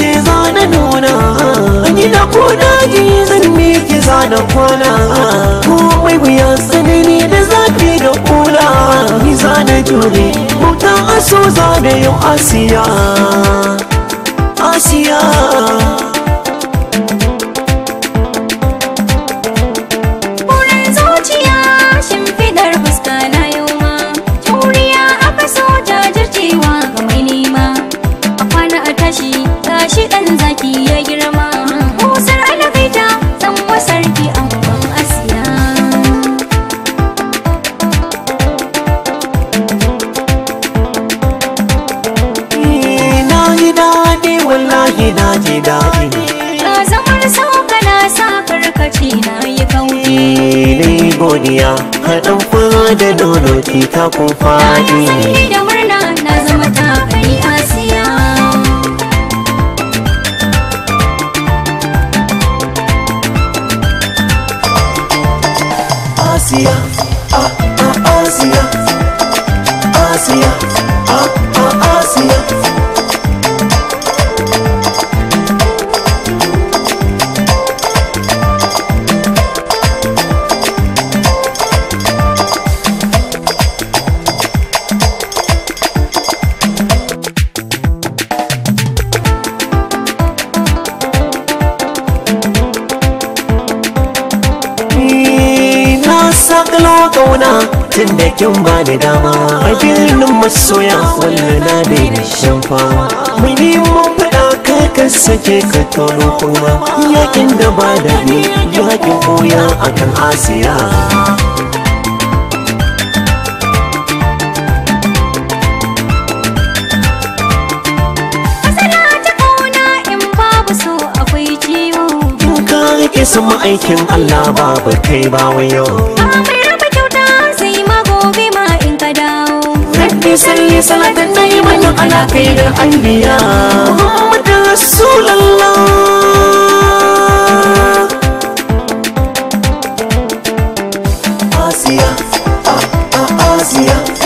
ce za na nuna a gida ko ji zan ki za na kwana mai wuya sanani da zafi da kula ni za na jure mutan aso za da yau asiya asiya mai daɗi ka zamar sauka na sa karkaci na yi kauni. ni godiya ka ɗan fara da nono ki ta kun faɗi da murna na zama ta kai asiya Asiya, ah, ah, Asiya, Asiya. kauna tun da kin ba da dama a filin masoya wannan na daina shanfa mai neman faɗa ka sake ka tono kuma yakin da ba da ni yakin koya akan asiya Ke sama aikin Allah babu kai ba wayo. gobe ma in ka dawo rabbi salli salatan tayyibatan ala khairil anbiya muhammadur rasulullah Asia, ah, ah, Asia.